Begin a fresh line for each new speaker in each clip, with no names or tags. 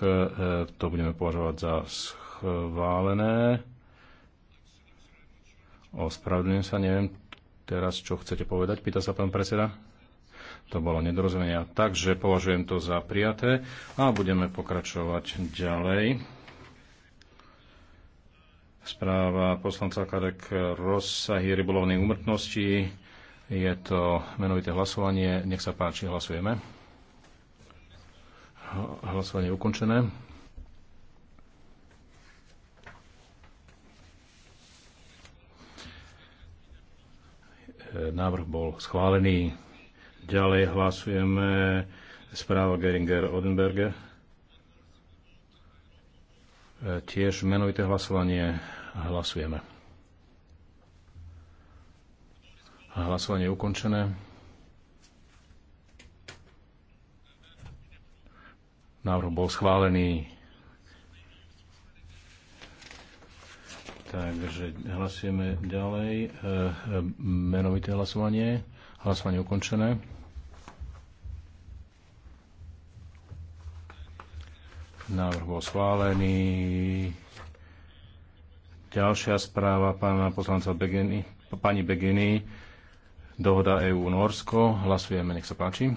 E, to budeme považovať za schválené. Ospravedlňujem sa, neviem teraz, čo chcete povedať, pýta sa pán predseda. To bolo nedorozumenia. Takže považujem to za prijaté a budeme pokračovať ďalej. Správa poslanca Kadek rozsahy rybolovnej úmrtnosti. Je to menovité hlasovanie. Nech sa páči, hlasujeme. Hlasovanie ukončené. E, návrh bol schválený. Ďalej hlasujeme správa Geringer Odenberger. E, tiež menovité hlasovanie hlasujeme. Hlasovanie je ukončené. Návrh bol schválený. Takže hlasujeme ďalej. E, e, menovité hlasovanie. Hlasovanie ukončené. Návrh bol schválený. Ďalšia správa pána poslanca Begeny, pani Begeny. Dohoda EU-Norsko. Hlasujeme, nech sa páči.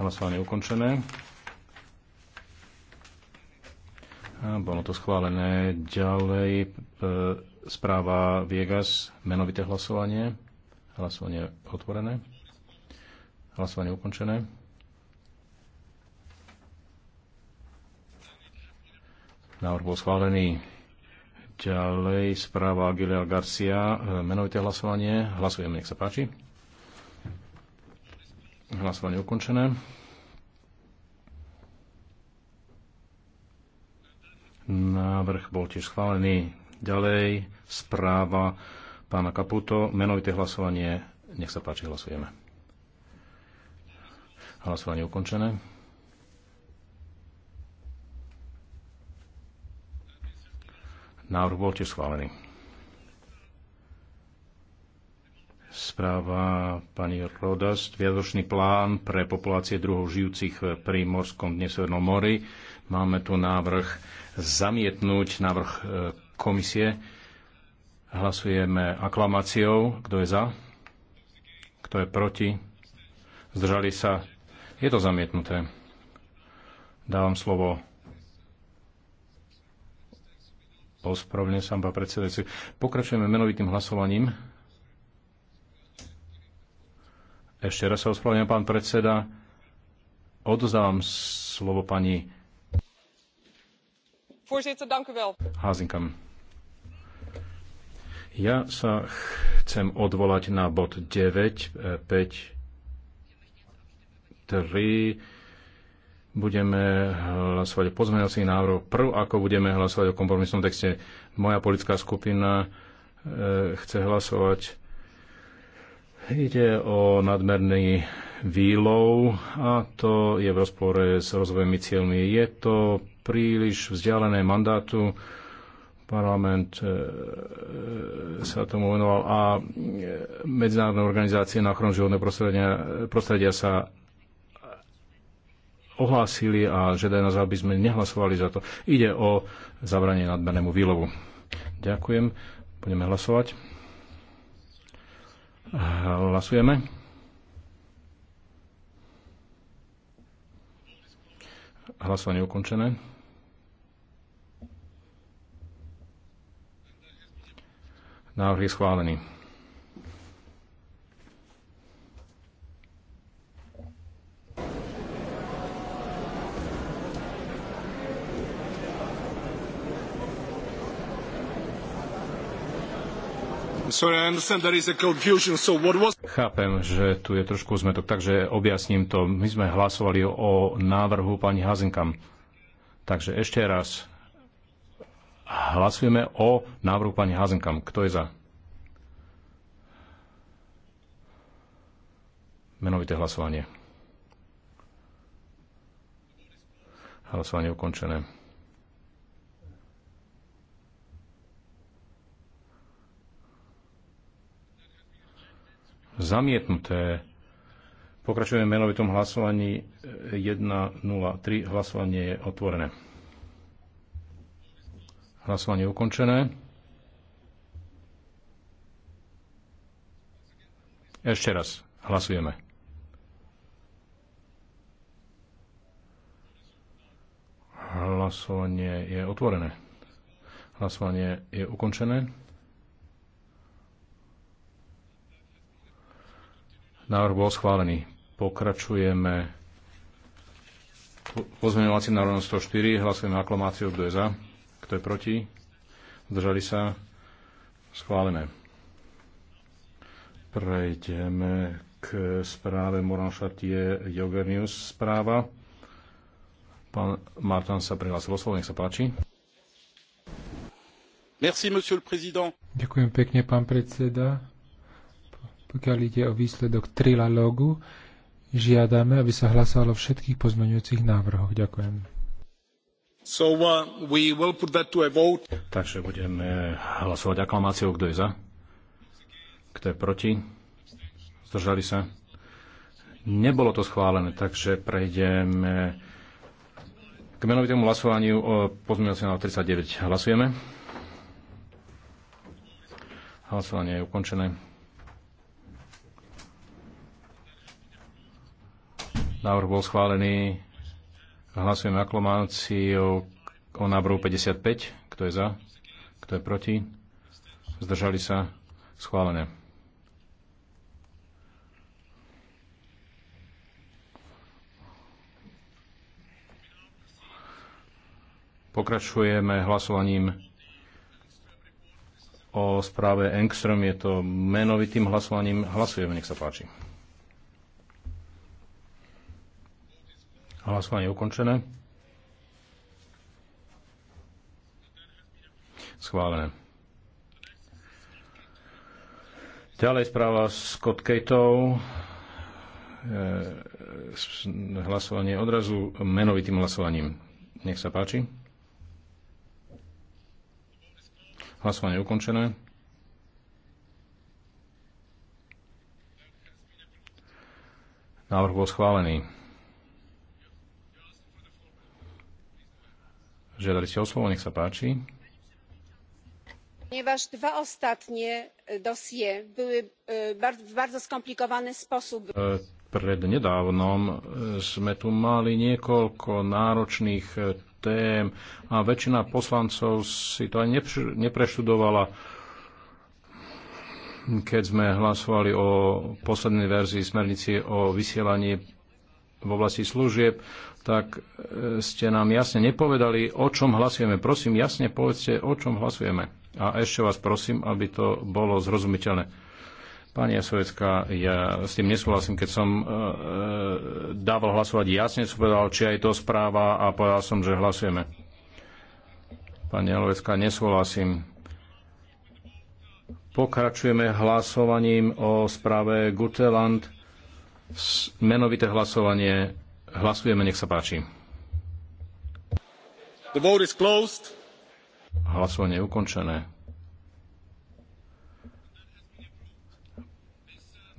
Hlasovanie ukončené. A bolo to schválené. Ďalej e, správa Viegas, menovité hlasovanie. Hlasovanie otvorené. Hlasovanie ukončené. Návrh bol schválený. Ďalej správa Aguilera Garcia, e, menovité hlasovanie. Hlasujeme, nech sa páči. Hlasovanie ukončené. Návrh bol tiež schválený. Ďalej správa pána Kaputo. Menovité hlasovanie. Nech sa páči, hlasujeme. Hlasovanie ukončené. Návrh bol tiež schválený. správa pani Rodas, viadočný plán pre populácie druhov žijúcich pri Morskom dne mori. Máme tu návrh zamietnúť návrh e, komisie. Hlasujeme aklamáciou. Kto je za? Kto je proti? Zdržali sa? Je to zamietnuté. Dávam slovo Ospravedlňujem sa, pán predsedajúci. Pokračujeme menovitým hlasovaním. Ešte raz sa ospravedlňujem, pán predseda. Odozdávam slovo pani Házinkam. Ja sa chcem odvolať na bod 9, 5, 3. Budeme hlasovať o pozmeňovacích návrhoch prv, ako budeme hlasovať o kompromisnom texte. Moja politická skupina e, chce hlasovať Ide o nadmerný výlov a to je v rozpore s rozvojmi cieľmi. Je to príliš vzdialené mandátu. Parlament e, e, sa tomu venoval a e, medzinárodné organizácie na ochranu životného prostredia, prostredia sa ohlásili a žiadajú nás, aby sme nehlasovali za to. Ide o zabranie nadmernému výlovu. Ďakujem. Budeme hlasovať. Hlasujeme. Hlasovanie ukončené. Návrh je schválený. Chápem, že tu je trošku zmetok, takže objasním to. My sme hlasovali o návrhu pani Hazenkam. Takže ešte raz. Hlasujeme o návrhu pani Hazenkam. Kto je za? Menovité hlasovanie. Hlasovanie ukončené. zamietnuté. Pokračujeme menovitom hlasovaní 1.03. Hlasovanie je otvorené. Hlasovanie je ukončené. Ešte raz hlasujeme. Hlasovanie je otvorené. Hlasovanie je ukončené. Návrh bol schválený. Pokračujeme pozmeňovacím návrhom 104. Hlasujeme aklamáciu. Kto je za? Kto je proti? Zdržali sa? Schválené. Prejdeme k správe Moran Chartier správa. Pán Martin sa prihlásil o slovo, nech sa páči. Merci, monsieur le président. Ďakujem pekne, pán predseda pokiaľ ide o výsledok trilalógu, žiadame, aby sa hlasovalo všetkých pozmeňujúcich návrhoch. Ďakujem. So, uh, we will put that to a vote. Takže budeme hlasovať aklamáciou. Kto je za? Kto je proti? Zdržali sa? Nebolo to schválené, takže prejdeme k menovitému hlasovaniu o pozmeňovacie na 39. Hlasujeme. Hlasovanie je ukončené. Návrh bol schválený. Hlasujeme aklamáciou o návrhu 55. Kto je za? Kto je proti? Zdržali sa? Schválené. Pokračujeme hlasovaním o správe Engström. Je to menovitým hlasovaním. Hlasujeme, nech sa páči. Hlasovanie ukončené. Schválené. Ďalej správa Scott Cateov. Hlasovanie odrazu menovitým hlasovaním. Nech sa páči. Hlasovanie ukončené. Návrh bol schválený. Žiadali ste o slovo, nech sa páči.
Ponieważ dva ostatnie e, dosie były e, w bardzo skomplikowany sposób. E,
pred nedávnom sme tu mali niekoľko náročných tém a väčšina poslancov si to ani nepreštudovala keď sme hlasovali o poslednej verzii smernici o vysielaní v oblasti služieb, tak e, ste nám jasne nepovedali, o čom hlasujeme. Prosím, jasne povedzte, o čom hlasujeme. A ešte vás prosím, aby to bolo zrozumiteľné. Pani Jasovecká, ja s tým nesúhlasím, keď som e, e dával hlasovať jasne, som povedal, či aj to správa a povedal som, že hlasujeme. Pani Jasovecká, nesúhlasím. Pokračujeme hlasovaním o správe Guteland Menovité hlasovanie. Hlasujeme, nech sa páči. The vote is closed. Hlasovanie je ukončené.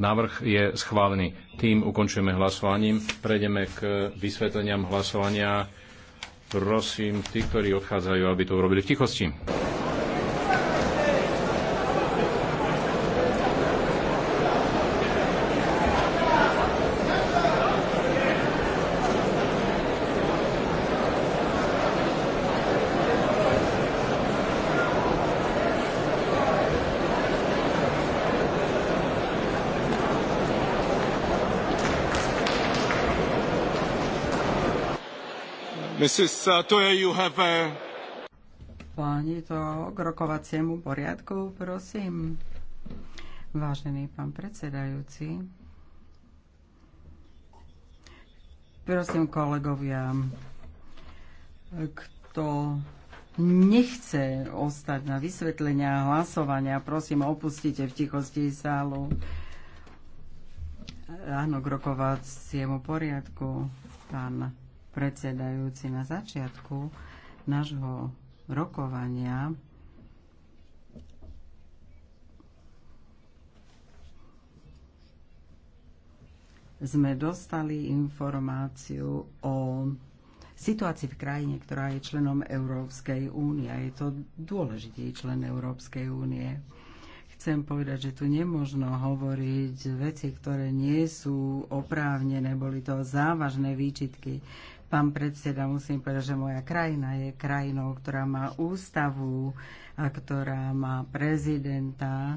Návrh je schválený. Tým ukončujeme hlasovaním. Prejdeme k vysvetleniam hlasovania. Prosím, tí, ktorí odchádzajú, aby to urobili v tichosti. Mrs. Uh, you have a... Uh,
Páni, to k rokovaciemu poriadku, prosím. Vážený pán predsedajúci, prosím kolegovia, kto nechce ostať na vysvetlenia hlasovania, prosím, opustite v tichosti sálu. Áno, k rokovaciemu poriadku, pán predsedajúci, na začiatku nášho rokovania sme dostali informáciu o situácii v krajine, ktorá je členom Európskej únie. Je to dôležitý člen Európskej únie chcem povedať, že tu nemožno hovoriť veci, ktoré nie sú oprávnené, boli to závažné výčitky Pán predseda, musím povedať, že moja krajina je krajinou, ktorá má ústavu a ktorá má prezidenta,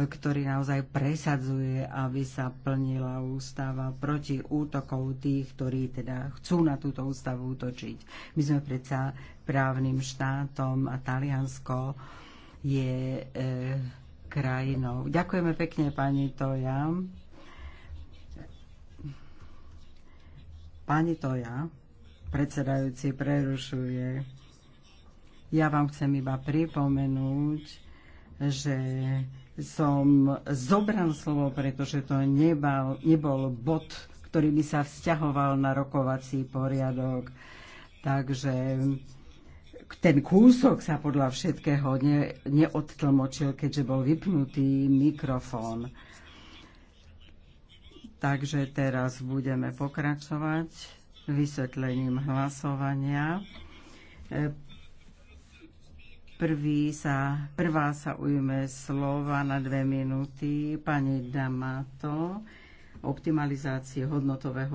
ktorý naozaj presadzuje, aby sa plnila ústava proti útokov tých, ktorí teda chcú na túto ústavu útočiť. My sme predsa právnym štátom a Taliansko je e, krajinou. Ďakujeme pekne, pani Toja. Pani Toja. Predsedajúci prerušuje. Ja vám chcem iba pripomenúť, že som zobral slovo, pretože to nebal, nebol bod, ktorý by sa vzťahoval na rokovací poriadok. Takže ten kúsok sa podľa všetkého ne, neodtlmočil, keďže bol vypnutý mikrofón. Takže teraz budeme pokračovať vysvetlením hlasovania. E, prvý sa, prvá sa ujme slova na dve minúty pani Damato optimalizácie hodnotového